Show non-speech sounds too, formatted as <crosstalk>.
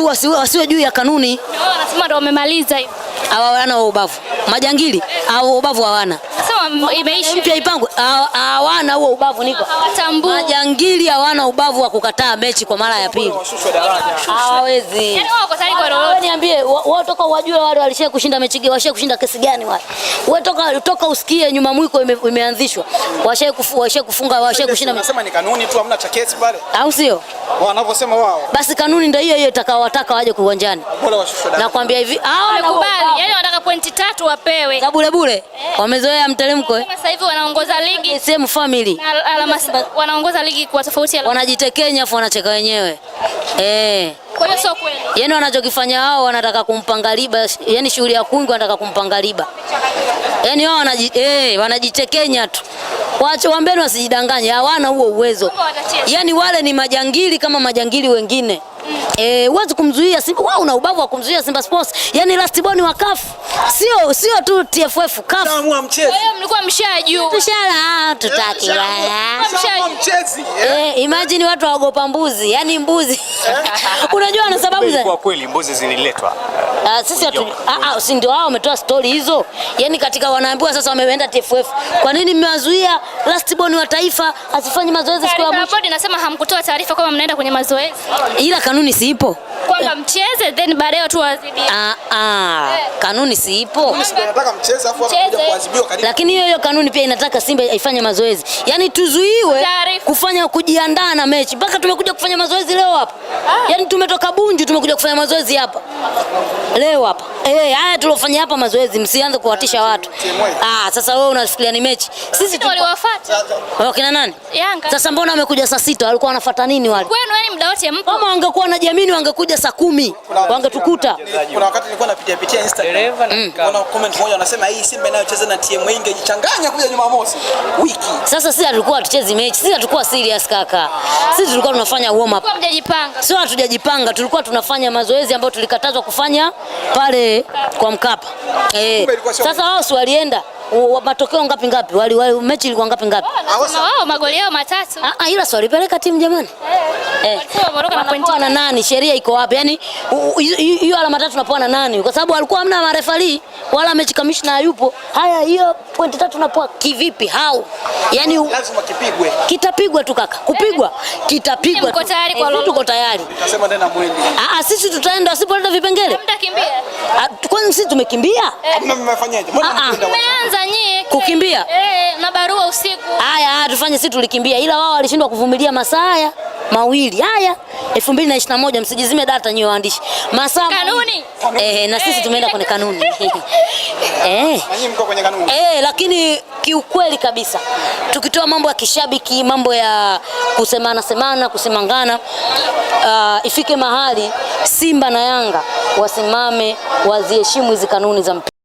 watu wasiwe, wasiwe juu ya kanuni. Wanasema ndio wamemaliza hivi. Hawana ubavu majangili au ubavu hawana imeisha mpya ipangwe. Hawana huo ubavu, niko hawatambui. Majangili hawana ubavu wa kukataa mechi kwa mara ya pili, hawawezi. Yani wao kwa sababu kwa lolote, niambie wao, toka wajue wale walishia kushinda mechi gani, washia kushinda kesi gani wale, wewe toka toka usikie nyuma mwiko imeanzishwa, Washia kufu washia kufunga washia kushinda. Nasema ni kanuni tu, hamna cha kesi pale, au sio? Wanavyosema wao, basi kanuni ndio hiyo hiyo itakawataka waje kuwanjani. Nakwambia hivi hawa wamekubali, yani wanataka pointi tatu wapewe za bure bure, eh. wamezoea mtele mteremko eh? Sasa hivi wanaongoza ligi same family. Alama wanaongoza ligi kwa tofauti ya Wanajitekenya afu wanacheka wenyewe. Eh. Kwa hiyo sio kweli. Yaani wanachokifanya wao wanataka kumpanga riba, yaani shughuli ya kungi wanataka kumpanga riba. Yaani wao wanaji, eh, wanajitekenya tu. Waache wambeni wasijidanganye, hawana huo uwezo. Yaani wale ni majangili kama majangili wengine. Eh, huwezi e, kumzuia Simba. Wewe una ubavu wa kumzuia Simba Sports. Yaani last boni wa CAF. Sio sio tu TFF CAF. Tunaamua mchezo. Wewe mlikuwa mshajua. Tushala ah, tutaki wala. Eh, eh. Mchezo. Eh, imagine watu waogopa mbuzi. Yaani mbuzi. <laughs> Unajua na sababu za. Kwa kweli mbuzi zililetwa. Ah, sisi hatu ah, ah, si ndio wao wametoa story hizo. Yaani katika wanaambiwa sasa wameenda TFF. Kwa nini mmewazuia last boni wa taifa asifanye mazoezi siku ya mwisho? Bodi nasema hamkutoa taarifa kwamba mnaenda kwenye mazoezi. Ila kanuni siipo kwamba mcheze then baadaye watu waadhibiwe. Ah ah, eh. kanuni siipo. Nataka mcheze afu kuadhibiwa kanuni. Lakini hiyo hiyo kanuni pia inataka Simba ifanye mazoezi, yaani tuzuiwe kufanya kujiandaa na mechi mpaka tumekuja kufanya mazoezi leo hapa, ah. yaani tumetoka Bunju tumekuja kufanya mazoezi hapa leo hapa wewe, eh, haya tulofanya hapa mazoezi, msianze kuwatisha watu. Ah, sasa wewe unafikiria ni mechi? Sisi tu waliwafuata. Eh, kina nani? Yanga. Sasa mbona wamekuja saa sita? Walikuwa wanafuata nini wale? Kwenu yani muda wote mpo. Kama wangekuwa na jamini wangekuja saa kumi. Wangetukuta. Kuna wakati nilikuwa napitia pitia Instagram. Mm. Kuna comment moja anasema hii Simba inayocheza na timu nyingine ijichanganya kuja Jumamosi wiki. Sasa sisi tulikuwa tucheze mechi. Sisi tulikuwa serious kaka. Sisi tulikuwa tunafanya warm up. Sio hatujajipanga, tulikuwa tunafanya mazoezi ambayo tulikatazwa kufanya pale kwa Mkapa eh. Sasa wao si walienda matokeo ngapi ngapi? Wali, wali, mechi ilikuwa ngapi ngapi? Wao magoli yao matatu. Ah, ah, ila si walipeleka timu jamani eh eh, na nani? Sheria iko wapi? Yani hiyo alama tatu napoa na nani? Kwa sababu alikuwa hamna marefali wala mechi commissioner hayupo. Haya, hiyo pointi tatu napoa kivipi? Hao. Yani lazima kipigwe, kitapigwa tu kaka, kupigwa kitapigwa. Tuko tayari kwa eh, lolote, tuko tayari. Tutasema tena mwendi, ah, ah, sisi tutaenda. Wasipoleta vipengele mtakimbia. Ah, kwani sisi tumekimbia? Eh. Mmefanyaje? Ah, Mmeanza nyie eh. kukimbia na barua usiku. Haya, tufanye sisi tulikimbia, ila wao walishindwa kuvumilia masaa haya mawili haya 2021, msijizime data nyewe waandishi. Masaa kanuni eh, na sisi eh. tumeenda kwenye kanuni <laughs> eh, mko kwenye kanuni eh, lakini kiukweli kabisa tukitoa mambo ya kishabiki, mambo ya kusemana semana, kusemangana, uh, ifike mahali Simba na Yanga wasimame waziheshimu hizi kanuni za mpira.